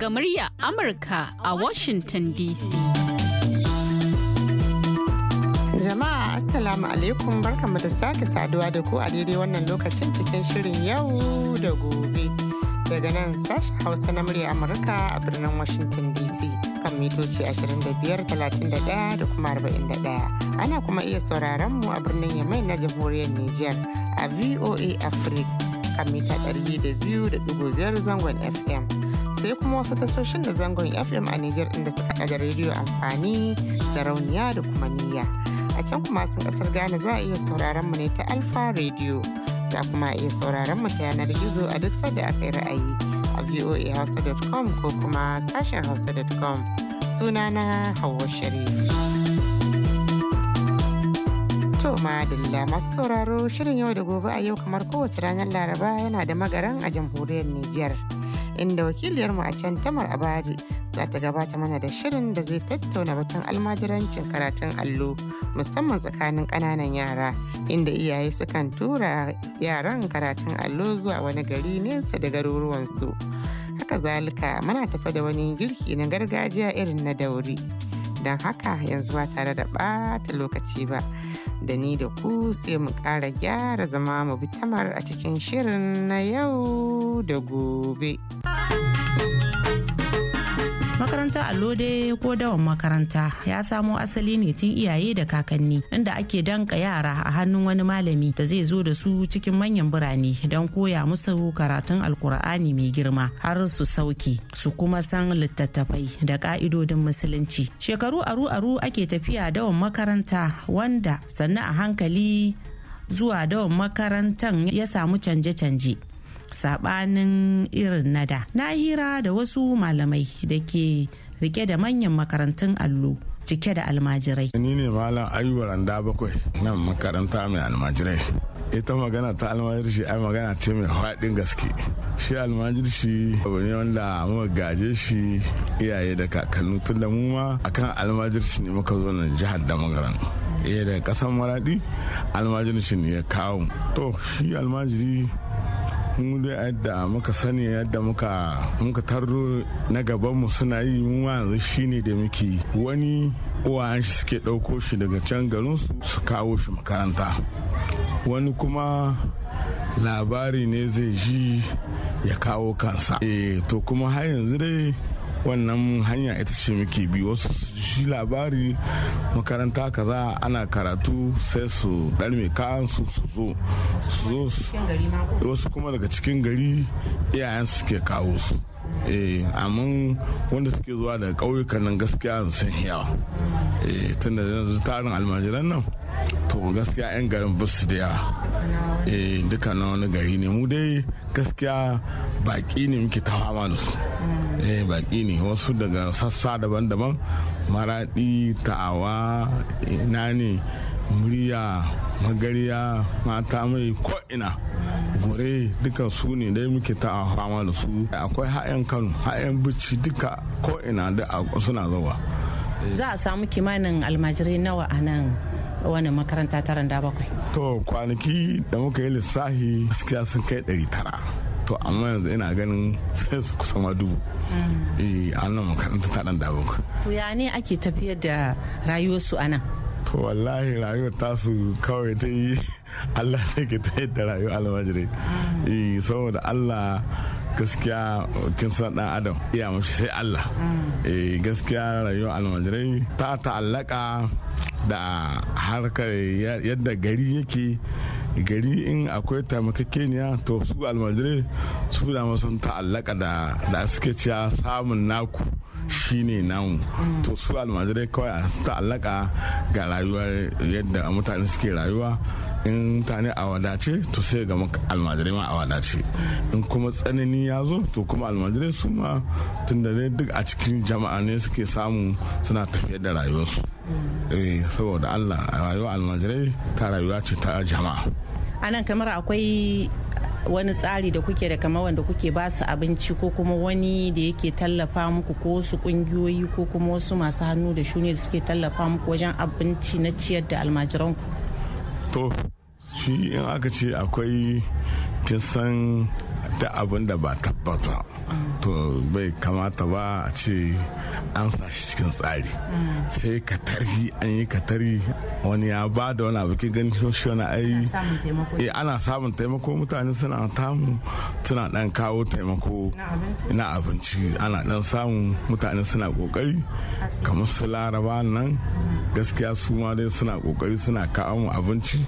daga murya Amurka a Washington DC. Jama'a Assalamu alaikum barkamu da sake saduwa da ku a daidai wannan lokacin cikin shirin yau da gobe. Daga nan sashen Hausa na murya Amurka a birnin Washington DC kan mitoci 25, 31 da kuma 41. ana kuma iya sauraron mu a birnin yamai na jamhuriyar Nijar a VOA Africa kan mita 200.5 zangon FM. sai kuma wasu tasoshin da zangon fm a nijar inda suka da rediyo amfani sarauniya da kuma niyya a can kuma sun kasar ghana za a iya sauraron mu ne ta alfa radio za kuma a iya sauraron mu ta yanar gizo a duk sanda aka yi ra'ayi a voahausa.com ko kuma sashen hausa.com suna na hawa sharif To madalla masu sauraro shirin yau da gobe a yau kamar kowace ranar Laraba yana da magaran a jamhuriyar Nijar. inda wakiliyarmu a can tamar abari za ta gabata mana da shirin da zai tattauna batun almajirancin karatun allo musamman tsakanin kananan yara inda iyaye sukan tura yaran karatun allo zuwa wani gari nesa da garuruwansu haka zalika muna tafa da wani girki na gargajiya irin na dauri don haka yanzu ba tare da bata lokaci ba da ni da ku sai mu kara gyara zama mu bi tamar a cikin shirin na yau da gobe. makaranta allo dai ko dawan makaranta ya samo asali ne tun iyaye da kakanni inda ake danka yara a hannun wani malami da zai zo da su cikin manyan birane don koya musu karatun alkur'ani mai girma har su sauki su kuma san littattafai da ka'idodin musulunci shekaru aru-aru ake tafiya dawan makaranta wanda sannan a hankali zuwa dawan makarantan ya samu canje-canje sabanin irin nada na hira da wasu malamai da ke rike da manyan makarantun allo cike da almajirai ni ne malam ayuba randa bakwai nan makaranta mai almajirai ita magana ta almajirshi ai magana ce mai haɗin gaske shi almajirshi abu ne wanda muka gaje shi iyaye da kakannu tun da mu ma akan almajirshi ne muka zo nan jihar da magaran iya eh, da kasan maradi almajirshi ne ya kawo to shi almajiri mu da yadda muka sani yadda muka muka tarro na gabanmu suna yi mu yanzu shine da muke wani an shi suke ɗauko shi daga can garin su kawo shi makaranta wani kuma labari ne zai ji ya kawo kansa eh to kuma har yanzu dai wannan hanya ita ce muke bi wasu shi labari makaranta kaza ana karatu sai su mai kayan su su zo wasu kuma daga cikin gari iyayen suke kawo su eh, amma wanda suke zuwa daga ƙauyukan nan gaskiya sun yawa eh, tun da yanzu tarin almajiran nan to gaskiya 'yan garin ba su da yawa eh, dukkanin wani gari ne mu dai gaskiya baƙi ne muke ta fama da su mm. eh baki ne wasu daga sassa daban-daban maradi ta'awa inani murya magariya mata mai ko'ina gure duka su ne dai muke ta fama da su akwai ha'yan kano ha'yan bici duka ko'ina da suna zawa eh. za a samu kimanin almajirai nawa a nan wani makaranta taron da bakwai to kwanaki da muka yi lissafi gaskiya sun kai tara. to amma yanzu ina ganin sai su kusa ma dubu mm. eh an nan makaranta ta dan dawo to ya ne ake tafiyar da rayuwar su anan to wallahi rayuwar tasu kawai ta yi Allah ne ke ta yadda rayuwar almajirai mm. eh saboda Allah gaskiya kin san dan adam iya mashi sai Allah mm. eh gaskiya rayuwar almajirai ta ta'allaka da harkar yadda gari yake gari in akwai taimakakeniya to su almajirai su da sun ta'allaka da suke cewa samun naku shine namu to su almajirai kawai a ta'allaka ga rayuwar yadda mutane suke rayuwa in mutane a wadace to sai ga almajirai ma a wadace in kuma tsanani ya zo to kuma almajirai su ma tunda duk a cikin jama'a ne suke samu suna tafiyar da rayuwarsu eh saboda allah rayuwa almajirai ta rayuwa ce ta jama'a a nan kamar akwai wani tsari da kuke da kamar wanda kuke ba su abinci ko kuma wani da yake tallafa muku ko su kungiyoyi ko kuma wasu masu hannu da shuni da suke tallafa muku wajen abinci na ciyar da almajiranku to shi in aka ce akwai kin san da abin da ba tabbata ba to bai kamata ba a ce an sa shi cikin tsari sai ka tarhi an yi ka tarhi wani ya ba da wani abu gani shi wani ayi eh, ana samun taimako mutane suna tamu suna dan kawo taimako na abinci ana dan samun mutane suna kokari kamar su laraba nan mm. gaskiya su ma dai suna kokari suna kawo abinci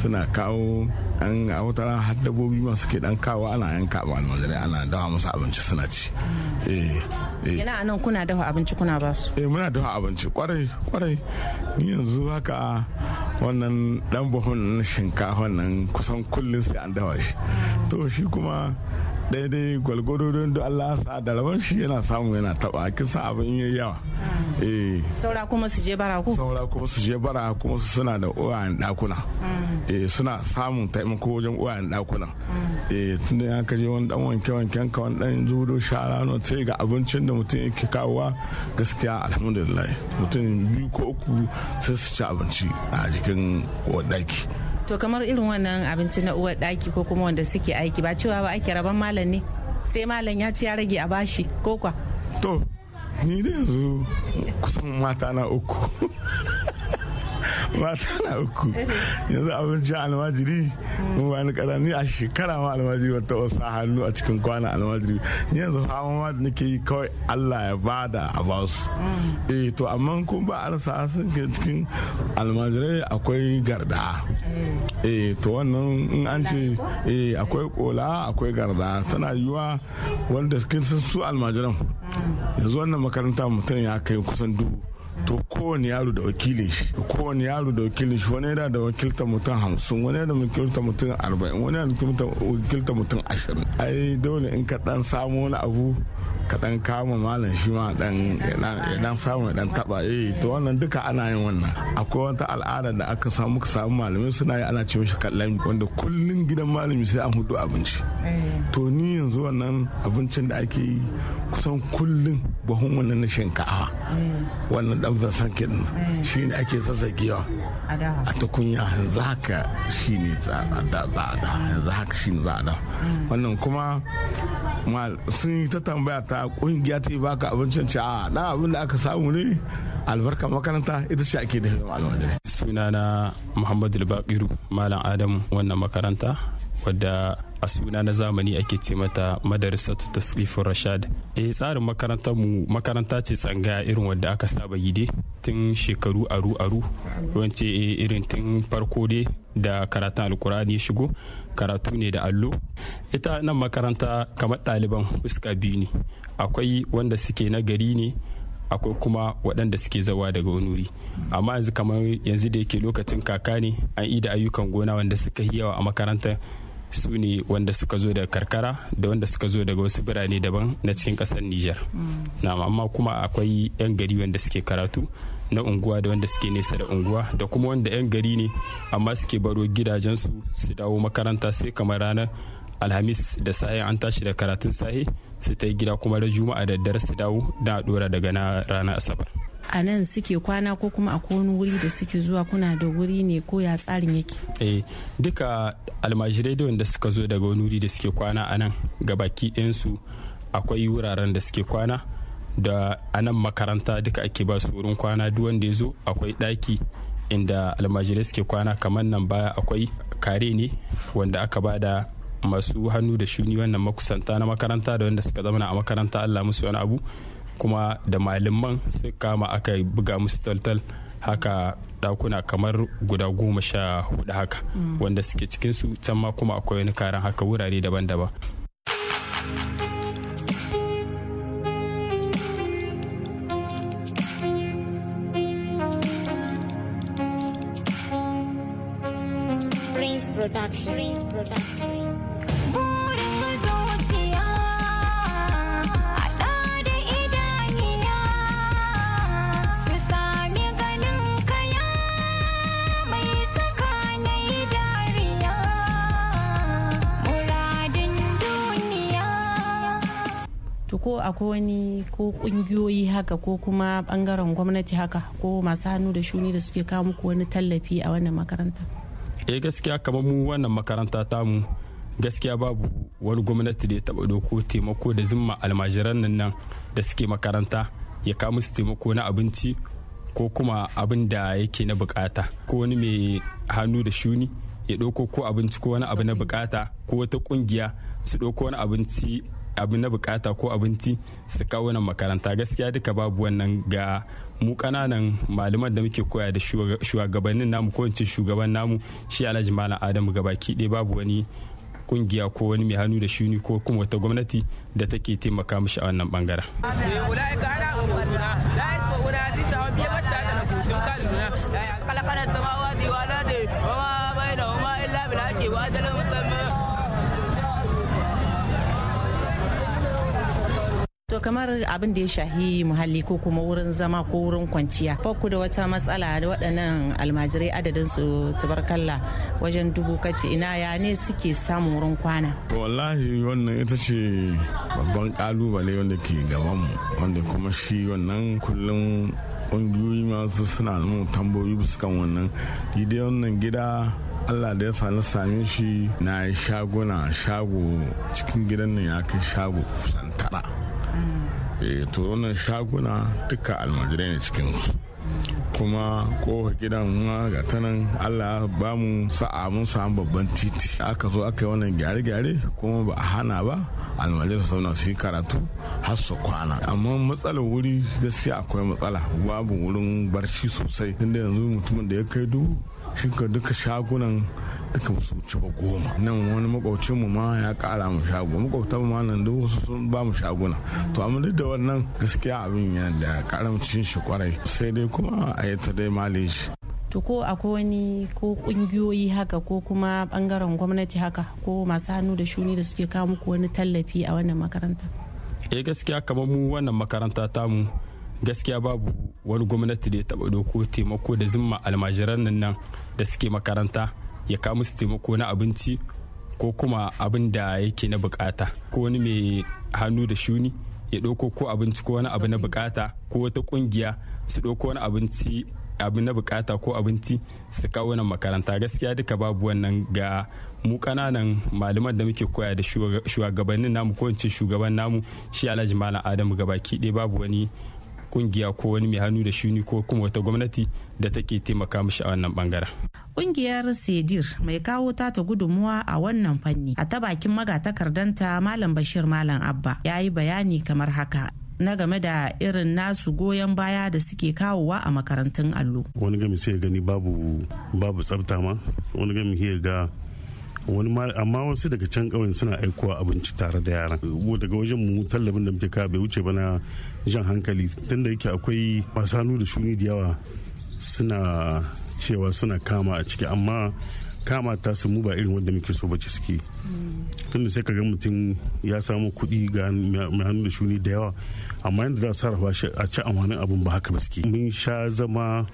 suna kawo an a wata ran har dabbobi ma suke dan kawo ana yanka ma almajirai ana dawa musu abinci suna ci eh, eh yana anan kuna dafa abinci kuna ba su eh muna dafa abinci kwarai kwarai ni yanzu haka wannan dan buhun shinkafa nan kusan kullun sai an dawa shi to shi kuma ɗaya dai gwalgwaro don da Allah sa da rawan shi yana samu yana taba kisa abin yayi yawa ah. eh saura kuma su je bara ku saura kuma su je bara kuma su suna da uwayen dakuna ah. eh suna samun taimako wajen uwayen dakuna ah. eh tun da ka je wani dan wanke wanken ka wani dan zudo shara no sai ga abincin da mutum yake kawowa gaskiya alhamdulillah mutum biyu ko uku sai su ci abinci a jikin wadaki to kamar irin wannan abinci na uwar daki ko kuma wanda suke aiki ba cewa ba ake raban malam ne sai malam ya ci ya rage a bashi ko kwa to ni da yanzu kusan mata na uku mata na uku yanzu abincin almajiri in wani ni karani a shekara ma almajiri wata wasa hannu a cikin kwana almajiri yanzu fama ma nake yi kawai Allah ya bada a ba su eh to amma kun ba a rasa sun ke cikin almajirai akwai garda eh to wannan in an ce eh akwai kola akwai garda tana yiwa wanda sun su almajiran yanzu wannan makaranta mutum ya kai kusan dubu to kowane yaro da wakilin shi kowane yaro da wakilin shi wani yana da wakilta mutum hamsin wani yana da wakilta mutum arba'in wani yana da wakilta mutum ashirin ai dole in ka dan samu wani abu kaɗan kama malam shi ma ɗan ɗan dan samu taba eh to wannan duka ana yin wannan akwai wata al'ada da aka samu ka samu malamai suna yi ana ce mishi kallon wanda kullun gidan malami sai an hudu abinci eh. to ni yanzu wannan abincin da ake yi kusan kullun buhun wannan na shinkafa eh. wannan ɗan zan san kenan eh. shi ne ake zazzagewa a tukunya yanzu haka shi ne za a yanzu haka shi ne za a da mm. wannan kuma sun yi ta tambaya ta kungiya ta yi baka abincin cewa a na abin da aka samu ne albarka makaranta ita ce ake da malamai na muhammadu albaqiru malam adamu wannan makaranta wadda a suna na zamani ake ce mata madarisatu tasrifin rashad eh tsarin makarantar mu makaranta ce tsangaya irin wadda aka saba yi dai tun shekaru aru aru wance eh, irin tun farko dai da karatun alkur'ani ya shigo karatu ne da allo ita nan makaranta kamar ɗaliban fuska biyu ne akwai wanda suke na gari ne akwai kuma waɗanda suke zawa daga wani amma yanzu kamar yanzu da yake lokacin kaka ne an da ayyukan gona wanda suka yi yawa a makarantar. su ne wanda suka zo daga karkara da wanda suka zo daga wasu birane daban na cikin kasar Nijar. Na amma kuma akwai 'yan gari wanda suke karatu na unguwa da wanda suke nesa da unguwa da kuma wanda 'yan gari ne amma suke baro gidajensu su dawo makaranta sai kamar ranar alhamis da sahi an tashi da karatun sahi su ta gida kuma da juma'a da daddare su dawo da dora daga na ranar asabar. a nan suke kwana ko kuma a wani wuri da suke zuwa kuna da wuri ne ko ya tsarin yake eh duka almajirai da wanda suka zo daga wani wuri da suke kwana a nan ga baki ɗayansu akwai wuraren da suke kwana da a nan makaranta duka ake ba su wurin kwana duk wanda ya zo akwai ɗaki inda almajirai suke kwana kamar nan baya akwai kare ne wanda aka ba da masu hannu da shuni wannan makusanta na makaranta da wanda suka zama a makaranta allah musu wani abu kuma da malaman sai kama aka buga musu taltal haka dakuna kamar guda goma sha hudu haka mm. wanda suke cikinsu can ma kuma akwai wani karan haka wurare daban-daban akwai wani ko kungiyoyi haka ko kuma bangaren gwamnati haka ko masu hannu da shuni da suke kawo muku wani tallafi a wannan makaranta eh gaskiya kamar mu wannan makaranta tamu gaskiya babu wani gwamnati da ya taba doko taimako da zimma almajiran nan nan da suke makaranta ya kawo musu taimako na abinci ko kuma abin da yake na bukata ko wani mai hannu da shuni ya ɗauko ko abinci ko wani abu na bukata ko wata kungiya su ɗauko wani abinci abu na bukata ko abinci su kawo nan makaranta gaskiya duka babu wannan ga mu kananan malaman da muke koya da shugabannin namu ko ince shugaban namu shi alhaji malam adamu gabaki ɗaya babu wani kungiya ko wani mai hannu da shuni ko kuma wata gwamnati da take taimaka mishi a wannan bangaren. kamar abin da ya shahi muhalli ko kuma wurin zama ko wurin kwanciya ba da wata matsala da waɗannan almajirai adadin su tabarkalla wajen dubu kace ina ya ne suke samun wurin kwana wallahi wannan ita ce babban kalubale wanda ke gaban mu wanda kuma shi wannan kullum ƙungiyoyi masu suna mu tambayoyi bisa kan wannan gidan wannan gida Allah da ya sani same shi na shaguna shago cikin gidan nan ya kai shago kusa Eh, to wannan shaguna duka almajirai ne cikinsu kuma kowa gidan ma ga tanan allah ba mu sa'a mun samu babban titi aka zo aka yi wannan gyare-gyare kuma ba a hana ba almajir su zauna su karatu har su kwana amma matsalar wuri gaskiya akwai matsala babu wurin barci sosai tunda yanzu mutumin da ya kai dubu shi ka duka shagunan duka su ci goma nan wani makwabcin mu ma ya kara mu shago makwabtan mu ma nan duk wasu sun ba mu shaguna to amma duk da wannan gaskiya abin ya da karamcin shi kwarai sai dai kuma a yi ta dai malish to ko akwai wani ko kungiyoyi haka ko kuma bangaren gwamnati haka ko masu hannu da shuni da suke kawo muku wani tallafi a wannan makaranta eh gaskiya kamar mu wannan makaranta tamu gaskiya babu wani gwamnati da ya taba doko taimako da zimma almajiran nan da suke makaranta ya kawo musu taimako na abinci ko kuma abin da yake na bukata ko wani mai hannu da shuni ya ɗauko ko abinci ko wani abu na bukata ko wata kungiya su ɗauko wani abinci abu na bukata ko abinci su kawo nan makaranta gaskiya duka babu wannan ga mu kananan malaman da muke koya da shugabannin namu ko in ce shugaban namu shi alhaji malam adamu gabaki ɗaya babu wani kungiya ko wani mai hannu da shuni ko kuma wata gwamnati da take taimaka mishi a wannan bangaren. Kungiyar Sedir mai kawo ta ta gudunmuwa a wannan fanni a ta bakin magatakardanta Malam Bashir Malam Abba ya yi bayani kamar haka. na game da irin nasu goyon baya da suke kawowa a makarantun allo. Wani gami sai gani babu babu tsafta ma, wani gami sai ga wani ma amma wasu daga can kawai suna aikowa abinci tare da yaran daga wajen mu tallabin da muke kawai bai wuce ba na jan hankali tunda yake akwai masu hannu da shuni da yawa suna cewa suna kama a ciki amma kama ta su mu ba irin wanda muke so bace suke mm. tunda sai ka ga mutum ya samu kuɗi ga mai hannu da shuni da yawa amma yadda za a sarrafa shi a ci amfanin abin ba haka ba suke mun sha zama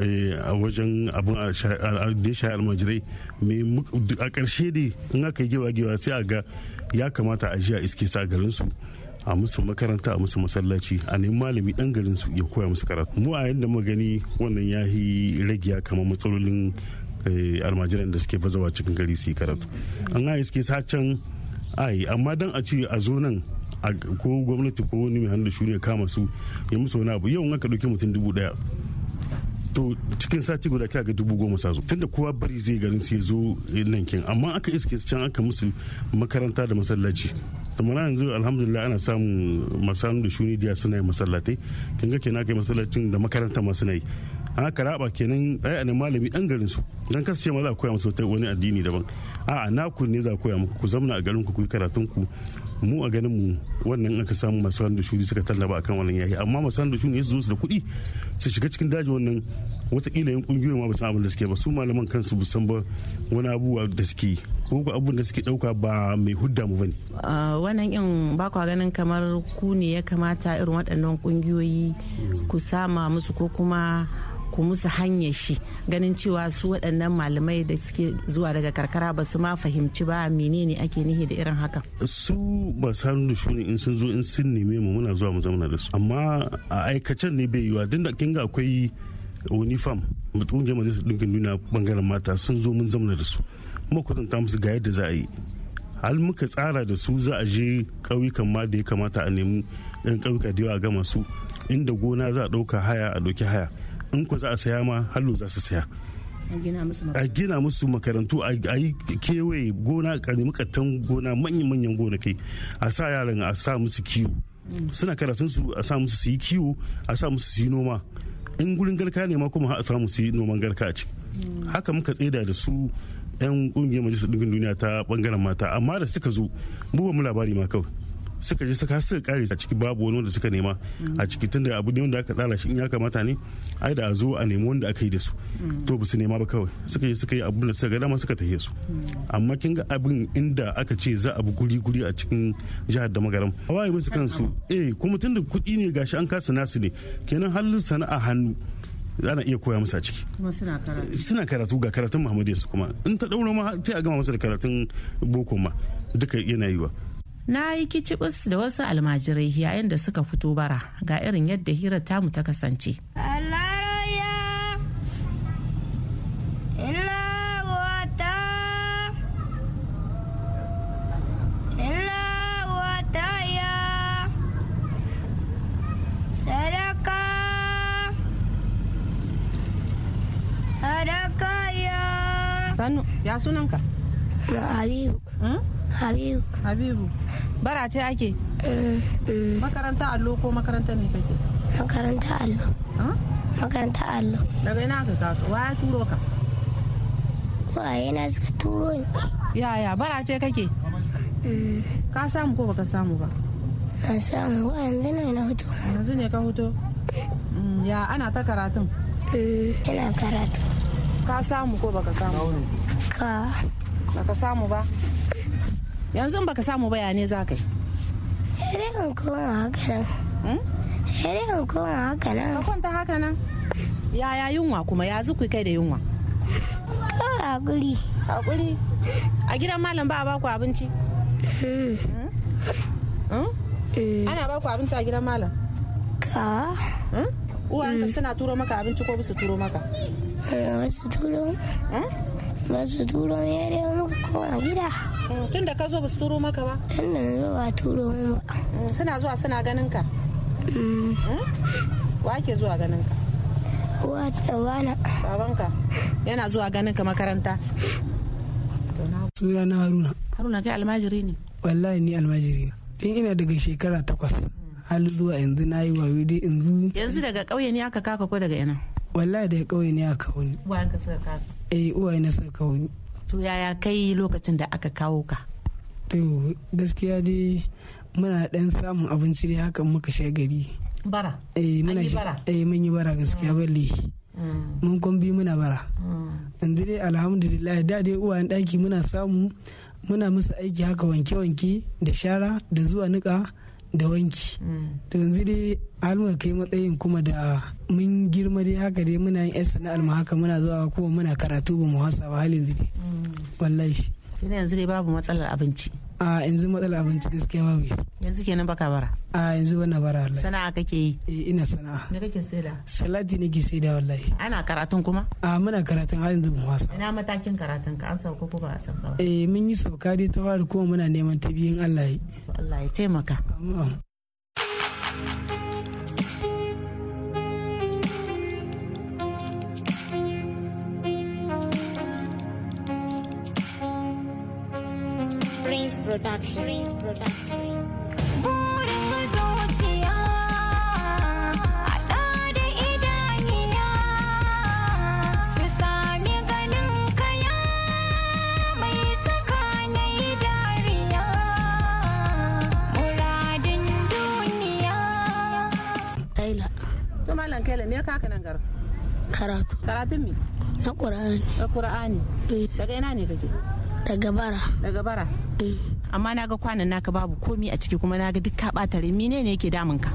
Eh, a wajen abin da ya mai almajirai a ƙarshe dai in aka yi gewa-gewa sai a ga ya kamata a a iske sa garinsu a musu makaranta a musu masallaci a nemi malami dan garin su ya koya musu karatu mu a yadda mu gani wannan ya yi rage ya kamar matsalolin eh, almajiran da suke bazawa cikin gari su yi karatu an ga iske sa can ai amma dan a ce a zo nan ko gwamnati ko wani mai hannu ne kama su ya musu wani abu yau in aka dauki mutum dubu daya to cikin sati guda ga dubu goma sa zo tunda kowa bari zai garin sai zo nan amma aka iske can aka musu makaranta da masallaci na yanzu alhamdulillah ana samun masanu da shuni diya suna yi masallatai kin ga kenan kai masallacin da makaranta ma suna yi an karaba kenan ai ne malami dan garin su dan kasance ma za a koya masa wani addini daban a'a naku ne za ku koya muku ku zamna a garin ku ku yi karatun ku mu a ganin mu wannan aka samu masu hannu shuri suka tallaba akan wannan yayi amma masu hannu shuni su zo su da kuɗi su shiga cikin daji wannan watakila yin kungiyoyi ma ba san abin da suke ba su malaman kansu ba san ba wani abubuwa da suke ko ko abun da suke dauka ba mai hudda mu bane ah, wannan in ba ku ganin kamar ku ne ya kamata irin waɗannan kungiyoyi ku sama musu ko kuma ku musu hanya shi ganin cewa su waɗannan malamai da suke zuwa daga karkara ba su ma fahimci ba menene ake nihi da irin haka su masu hannu da shuni in sun zo in sun neme mu muna zuwa mu zauna da su amma a aikacen ne bai yiwa da kinga akwai unifam jama'a majalisar dinkin duniya bangaren mata sun zo mun zauna da su kuma kwatanta musu ga yadda za a yi hal muka tsara da su za a je ƙauyukan ma da ya kamata a nemi yan ƙauyuka da yawa ga su inda gona za a ɗauka haya a ɗauki haya in ku za a saya ma hallo za su saya a gina musu makarantu a yi kewaye gona a nemi kattan gona manyan-manyan gonakai a sa yaran a sa musu kiwo mm. suna karatun su a sa musu su yi kiwo a sa musu su yi noma in gurin garka ne ma kuma a sa musu yi noman garka ce. Mm. haka muka tseda da su 'yan kungiyar majalisar ɗinkin duniya ta bangaren mata amma da suka zo mu ba mu labari ma kawai suka je suka suka kare a ciki babu wani wanda suka nema a ciki tunda abu ne wanda aka tsara shi in ya kamata ne ai da a zo a nemi wanda aka yi da su to ba su nema ba kawai suka je suka yi abin da suka ga dama suka tafiye su amma kin ga abin inda aka ce za a bi guri guri a cikin jihar da magaram hawaye musu kansu eh kuma tunda kuɗi ne gashi an kasa nasu ne kenan halin sana'a hannu ana iya koya musu a ciki suna karatu ga karatun muhammadu su kuma in ta ɗaura ma ta a gama masa da karatun boko ma duka yana yiwa na yi kicibis da wasu almajirai yayin da suka fito bara ga irin yadda hirar tamu ta kasance ya sunanka? Habibu. Hmm? Habibu. Habibu. bara ce ake eh, eh. makaranta allo ko makaranta ne kake makaranta allo makaranta allo daga ina ka wa waya turo ka waye na suka turo ni yaya bara ce kake eh. ka samu ko baka samu ba na samu wa yanzu ne na hoto. yanzu ne ka hoto mm, ya ana ta karatun ina karatu ka samu ko baka samu ka baka samu ba yanzu baka samu bayani za ka yi sai dai koma haka nan sai hmm? koma haka nan ka kwanta haka nan yaya yunwa kuma ya zuku kai da yunwa kawai hakuri hakuri a gidan malam ba a baku abinci hmm. Hmm? ana baku abinci a gidan malam ka uwanka suna turo maka abinci ko su turo maka ba su turo ba su turo ne dai muka koma gida Mm, tun da ka zo ba su turo maka ba tun da ba turo mu ba mm, suna zuwa suna ganin ka mm. wa ke zuwa ganin ka uwa tsawana babanka yana zuwa ganin ka makaranta suna na haruna haruna kai almajiri ne wallahi ni almajiri ne tun ina daga shekara takwas hali zuwa yanzu na yi wa dai yanzu yanzu daga ƙauye ne aka kaka ko daga ina wallahi daga ƙauye ne aka wani uwa ka suka kaka eh uwa ne suka kawo to yaya kai lokacin da aka kawo ka to gaskiya dai muna dan samun abinci dai haka muka sha gari bara eh muna eh mun yi bara gaskiya mm. balle mm. mun kwambi muna bara mm. yanzu dai alhamdulillah da dai uwa daki muna samu muna musu aiki haka wanke-wanke da shara da zuwa niƙa da wanki to yanzu dai har muka kai matsayin kuma da mun girma dai haka dai muna yin yan sana'ar mu haka muna zuwa kuma muna karatu ba mu hasa ba halin dai mm. wallahi yanzu dai babu matsalar abinci a yanzu matsala abinci gaskiya babu yanzu kenan baka bara a yanzu bana bara wallahi sana'a kake yi eh ina sana'a me kake saida salati nake saida wallahi ana karatun kuma a muna karatun har yanzu ban wasa ina matakin karatun ka an sauka ko ba a sauka ba eh mun yi sabka dai ta fara kuma muna neman tabiyin Allah yi Allah ya taimaka Productions. Productions. idaniya su sami kaya mai saka me nan gar? Karatu. Karatun me? Na Na eh. Daga ina ne kake? Daga bara. Daga bara. Eh. amma na ga kwanan naka babu komi a ciki kuma na ga duk ka ɓata rai ne yake damun ka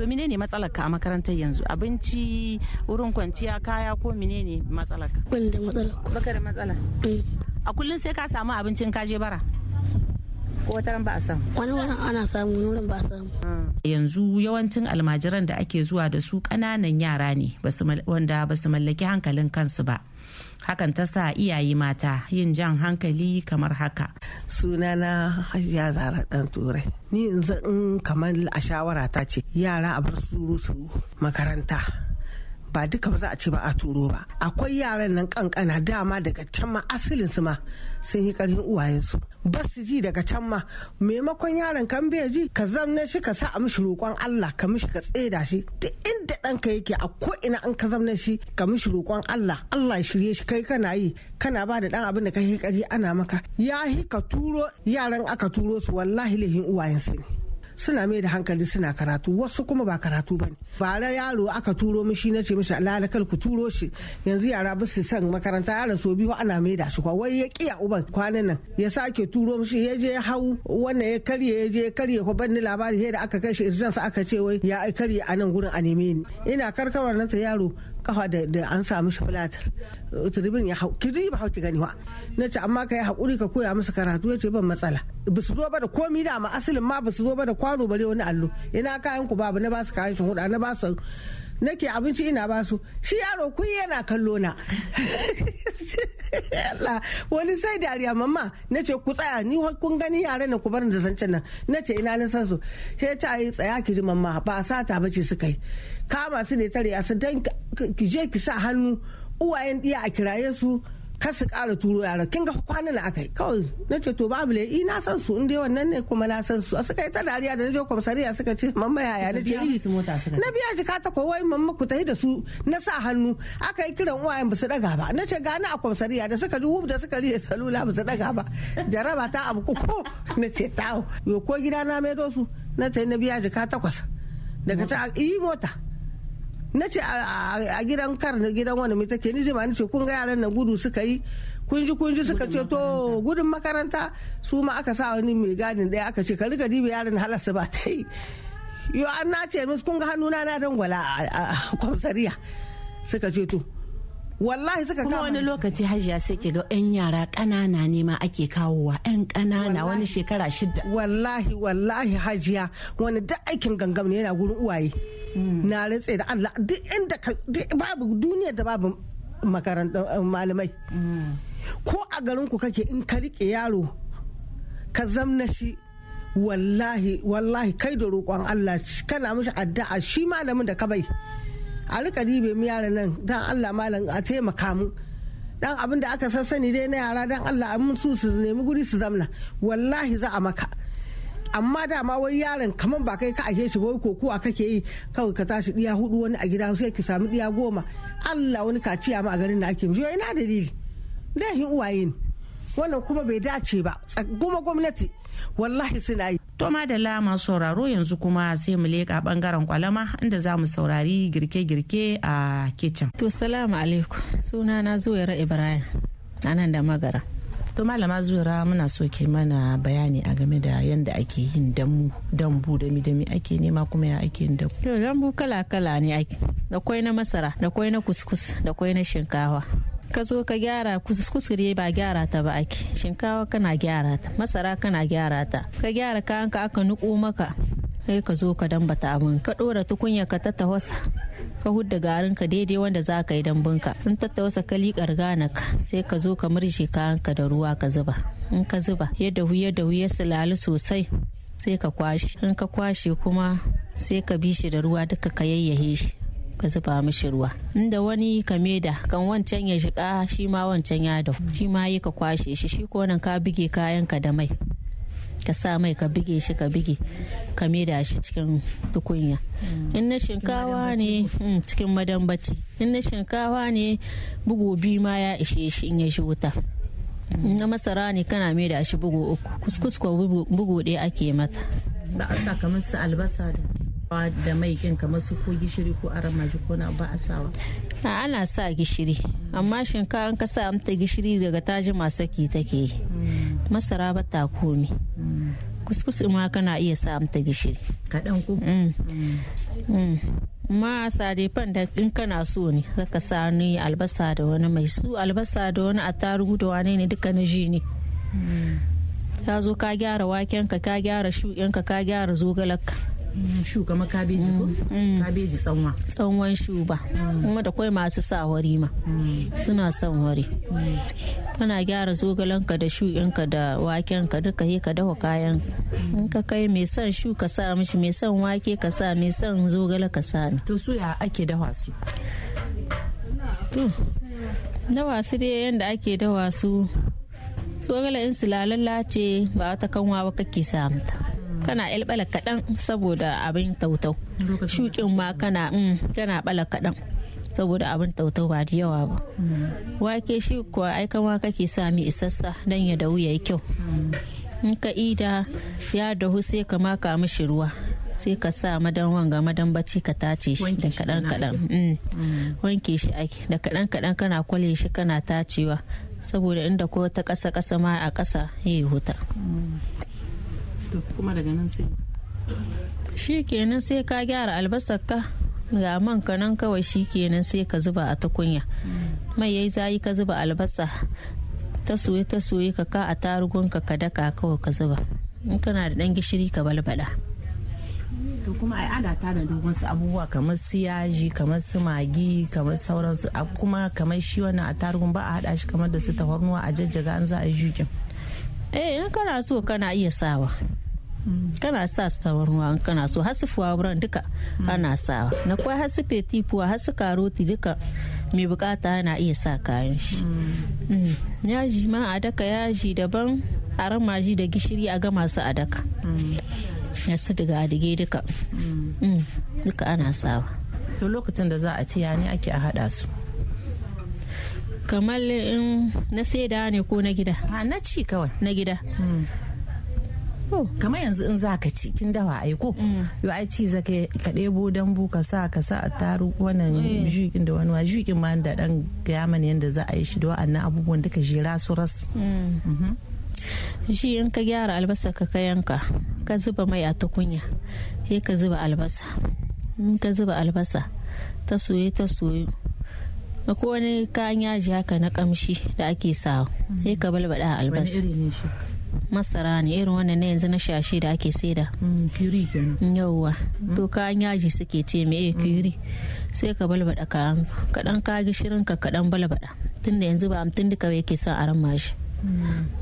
to ne matsalar ka a makarantar yanzu abinci wurin kwanciya kaya ko ne matsalar ka ban da matsalar ko baka da matsala eh. a kullun sai ka samu abincin ka je bara ko wata ran ba a samu wani wani ana samu wani ran ba a samu ah. yanzu yawancin almajiran da ake zuwa da su kananan yara ne wanda ba su mallaki hankalin kansu ba hakan ta sa iyaye mata yin jan hankali kamar haka sunana hajiya zara dan turai ni in kamar a shawara ta ce yara a bar su makaranta ba duka ba za a ce ba a turo ba akwai yaran nan kankana dama daga can ma asalin su ma sun yi karfin uwayensu ba su ji daga can ma maimakon yaran kan bai ji ka zamne shi ka sa a mishi roƙon Allah ka mishi ka tseda shi duk inda ɗanka yake a ko ina an ka zamne shi ka mishi roƙon Allah Allah ya shirye shi kai kana yi kana ba da ɗan abin da ka kari ana maka ya hi ka turo yaran aka turo su wallahi lahin uwayensu ne suna mai da hankali suna karatu wasu kuma ba karatu ba ne bara yaro aka turo mishi na ce mishi kal ku turo shi yanzu yara ba su san makaranta yara so biyu ana mai da shi kwa wai ya kiya uban kwanan nan ya sake turo mishi ya je hau wannan ya karye ya je ya karye ko banni labari da aka kai shi irjansa aka ce wai ya karye a nan gurin a neme ni ina karkarwar nan ta yaro kafa da an sa mishi filatar tribun ya hau kiri ba hauki gani wa na ce amma ka yi haƙuri ka koya masa karatu ya ce ban matsala ba su zo ba da komi da ma asalin ma ba su zo ba da kwano bare wani allo ina kayan ku babu na ba su kayan shi huda na ba su nake abinci ina ba su shi yaro kun yana kallo na wani sai dariya mamma na ce ku tsaya ni kun gani yare na ku bar da zancen nan na ce ina na san su sai ta yi tsaya ki ji mamma ba sata ba ce suka yi kama su ne tare a su dan ki je ki sa hannu uwayen diya a kiraye su kar su ƙara turo yaran kin ga kwanan da aka kawai na ce to babu lai na san su in wannan ne kuma na san su suka yi ta dariya da na je kwamsariya suka ce mamma yaya na ce na biya jika ta ko wai mamma ku tafi da su na sa hannu aka yi kiran uwayen ba su daga ba na ce gani a kwamsariya da suka ji hub da suka riye salula ba su daga ba jaraba ta abu ko na ce tawo yo ko gida na dosu su na tayi na biya jika takwas daga ta yi mota na ce a gidan kar na gidan wani mai take ni ma ni ce kun ga yaran nan gudu suka yi kunji kunji suka ce to gudun makaranta su ma aka sa wani mai gadin daya aka ce ka rika dibi yaran halarsa ba ta yi yo an na ce kun ga hannuna na dangwala a kwamsariya suka ce to wallahi suka kama wani lokaci hajiya sai ke ga yan yara kanana ne ma ake kawowa yan ƙanana wani shekara shida wallahi wallahi hajiya wani duk aikin gangam ne yana gurin uwaye hmm. na rantse da Allah duk inda babu duniya da babu makarantar eh, malamai hmm. ko a garin ku kake in ka rike yaro ka zamna shi wallahi wallahi kai da roƙon Allah kana mishi addu'a shi malamin da ka bai a rika mu yara nan dan Allah malam a taimaka mu dan abin da aka sassani dai na yara dan Allah mun su su nemi guri su zamna wallahi za a maka amma dama wai yaron kamar ba kai ka ashe shi wai a kake yi kawai ka tashi diya hudu wani a gida sai ki samu diya goma Allah wani kaciya ma a garin da ake mishi ina dalili hin uwaye ne wannan kuma bai dace ba kuma gwamnati wallahi suna yi to madalla masu sauraro yanzu kuma sai mu leka bangaren kwalama inda za mu saurari girke-girke a kicin to salamu alaikum suna na zuwaira ibrahim nan da magara to malama zuwa muna so mana bayani a game da yadda ake yin dambu dambu da midami ake nema kuma ya ake yin dambu to dambu kala kala ne ake da kwai na masara da kwai na kuskus da kwai na shinkawa ka zo ka gyara kuskure ba gyara ta ba ake shinkawa kana gyara ta masara kana gyara ta ka gyara kayanka aka nuko maka sai ka zo ka ta abin ka dora tukunya ka wasa ka hudda garin ka daidai wanda za ka yi dambunka in wasa ka liƙar ganaka sai ka zo ka murje kayanka da ruwa ka zuba in ka zuba yadda huye da huye sulali sosai sai ka kwashe in ka kwashe kuma sai ka bi shi da ruwa duka ka yayyahe shi ka zuba mishi ruwa inda wani ka da kan wancan ya shiga shi ma wancan ya dau shi ma yi ka kwashe shi shi ko nan ka bige kayan ka da mai ka sa mai ka bige shi ka bige ka da shi cikin tukunya hmm. in na shinkawa ne hmm, cikin madambaci in na shinkawa ne bugu biyu ma ya ishe shi in ya shi wuta hmm. na masara ne kana mai da shi bugu uku kuskus bugu ɗaya ake mata ba a sa kamar su albasa da da mai kin kamar su ko gishiri ko maji ko na ba a sawa a ana sa gishiri amma shinkafa ka sa amta gishiri daga taji masaki take masara ba ta komi kuskus ma kana iya sa amta gishiri kaɗan ku mm. mm. ma fan da in kana so ne zaka sa ni albasa da wani mai su albasa da wani attarugu da wane ne duka na ji ne mm. ka zo ka gyara wakenka ka gyara shuɗinka ka gyara zogalarka shuka ma kabeji ko mm. Mm. kabeji tsanwa tsanwan shuba mm. kuma da kwai masu sa wari ma suna son wari kana gyara zogalanka da shuɗinka da wakenka duka he ka dawa kayan in ka kai mai son shu ka sa mishi mai son wake ka sa mai son zogale ka sa to su ya ake dawa su to dawa su dai yanda ake dawa su zogale in su lalala ce ba ta kanwa ba kake samta kana ƴalɓala kaɗan saboda abin tautau shukin ma kana mm, kana ɓala kaɗan saboda abin tautau ba da yawa ba mm. wake shi kuwa ai kama kake sami isassa don ya dahu yayi kyau mm. in ka ida ya dahu sai ka maka mishi ruwa sai ka sa madan wanga madan bacci ka tace shi da kaɗan kaɗan wanke shi ake da kaɗan kaɗan kana kwale shi kana tacewa saboda inda ko ta kasa kasa ma a kasa yi huta to kuma daga nan sai shi kenan sai ka gyara albasar ka ga man ka nan kawai shi kenan sai ka zuba a tukunya mai yayi zayi ka zuba albasa ta soye ta soye ka ka a tarugun ka ka daka kawai ka zuba in kana da dan gishiri ka balbada to kuma ai ana ta da su abubuwa kamar su yaji kamar su magi kamar sauransu kuma kamar shi wannan a tarugun ba a hada shi kamar da su tafarnuwa a jajjaga an za a yi jukin eh in kana so kana iya sawa kana sa su tabarnuwa in kana so hasu fuwa duka ana sawa na kwa hasu feti fuwa hasu karoti duka mai bukata ana iya sa kayan shi mm. Mm. yaji ma a daka yaji daban a ji da gishiri a gama su a daka ya mm. su daga adige duka duka ana sawa to lokacin da za a ci ya ne ake a hada su kamar in na saida ne ko na gida na ci kawai na gida kamar yanzu in zaka ci kin dawa ai ko yo mm. ai ci zaka ka debo dambu ka sa ka sa taru wannan eh. jukin da wani jukin ma da dan gaya mana yanda za a yi shi da wa'annan abubuwan duka jira su ras mm. mhm. shi in ka gyara albasa ka yanka ka zuba mai a tukunya sai ka zuba albasa in ka zuba albasa ta soye ta soyu ko wani kayan yaji haka na kamshi da ake sawa mm. sai ka balbada albasa masara ne irin wannan na yanzu na shashe da ake saida firi mm, kenan mm, yawwa mm. to kayan yaji suke ce me eh firi sai ka balbada kayan kadan ka gishirin ka kadan balbada tunda yanzu ba amtun duka yake son aran mashi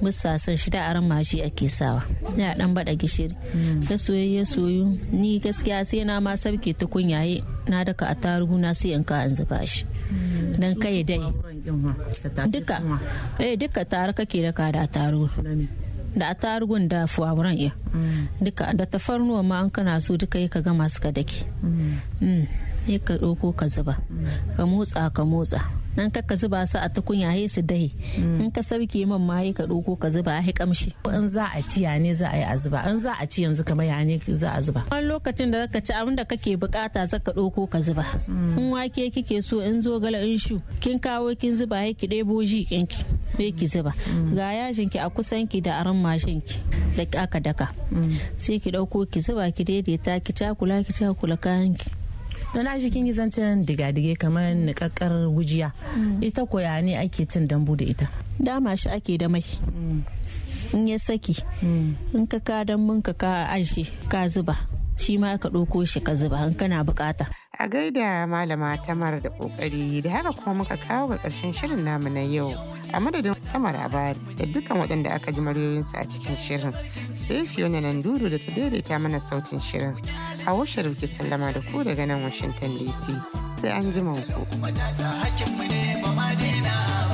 musa san shi da aran mashi ake sawa ya dan bada gishiri ta soyayya soyu ni gaskiya sai na ma sabke ta kunyaye na daka a tarugu na sai in ka yanzu bashi shi dan kai dai duka eh duka tare kake daka da tarugu da attarugun da fuwaburan iya mm. duka da tafarnuwa ma an kana so duka yi ka masu ka dake mm. Mm. ka ɗauko ka zuba ka motsa ka motsa in ka zuba su a tukunya ya su dahe mm. in ka sauke man ma ka ɗauko ka zuba a kamshi in za a ci ya ne za a yi a zuba in za a ci yanzu kamar ya ne za a zuba wani lokacin da zaka ci abin da kake bukata za ka ɗauko ka zuba mm. in wake kike so in zo gala in shu kin kawo kin zuba ya ki ɗebo ji ki ki zuba mm. ga yajin ki a kusan ki da aran mashin ki da aka daka sai ki ɗauko ki zuba ki daidaita ki cakula ki cakula kayan ki don na shi kin yi zancen diga-dige kamar nikakkar wujiya mm. ita koya ne ake cin dambu da ita dama shi ake da mai mm. in ya saki mm. in ka ka dambun ka ka aji ka zuba shi ma ka ɗauko shi ka zuba an kana bukata. A gaida malama tamar da kokari da haka kuma muka kawo ga ƙarshen shirin namu na yau. A madadin tamar bari, da dukkan waɗanda aka ji muryoyinsu a cikin shirin. Sai Fiona Nanduru da ta daidaita mana sautin shirin. Hawa Sharif rufe sallama da ku daga nan Washington DC. Sai an ji ku.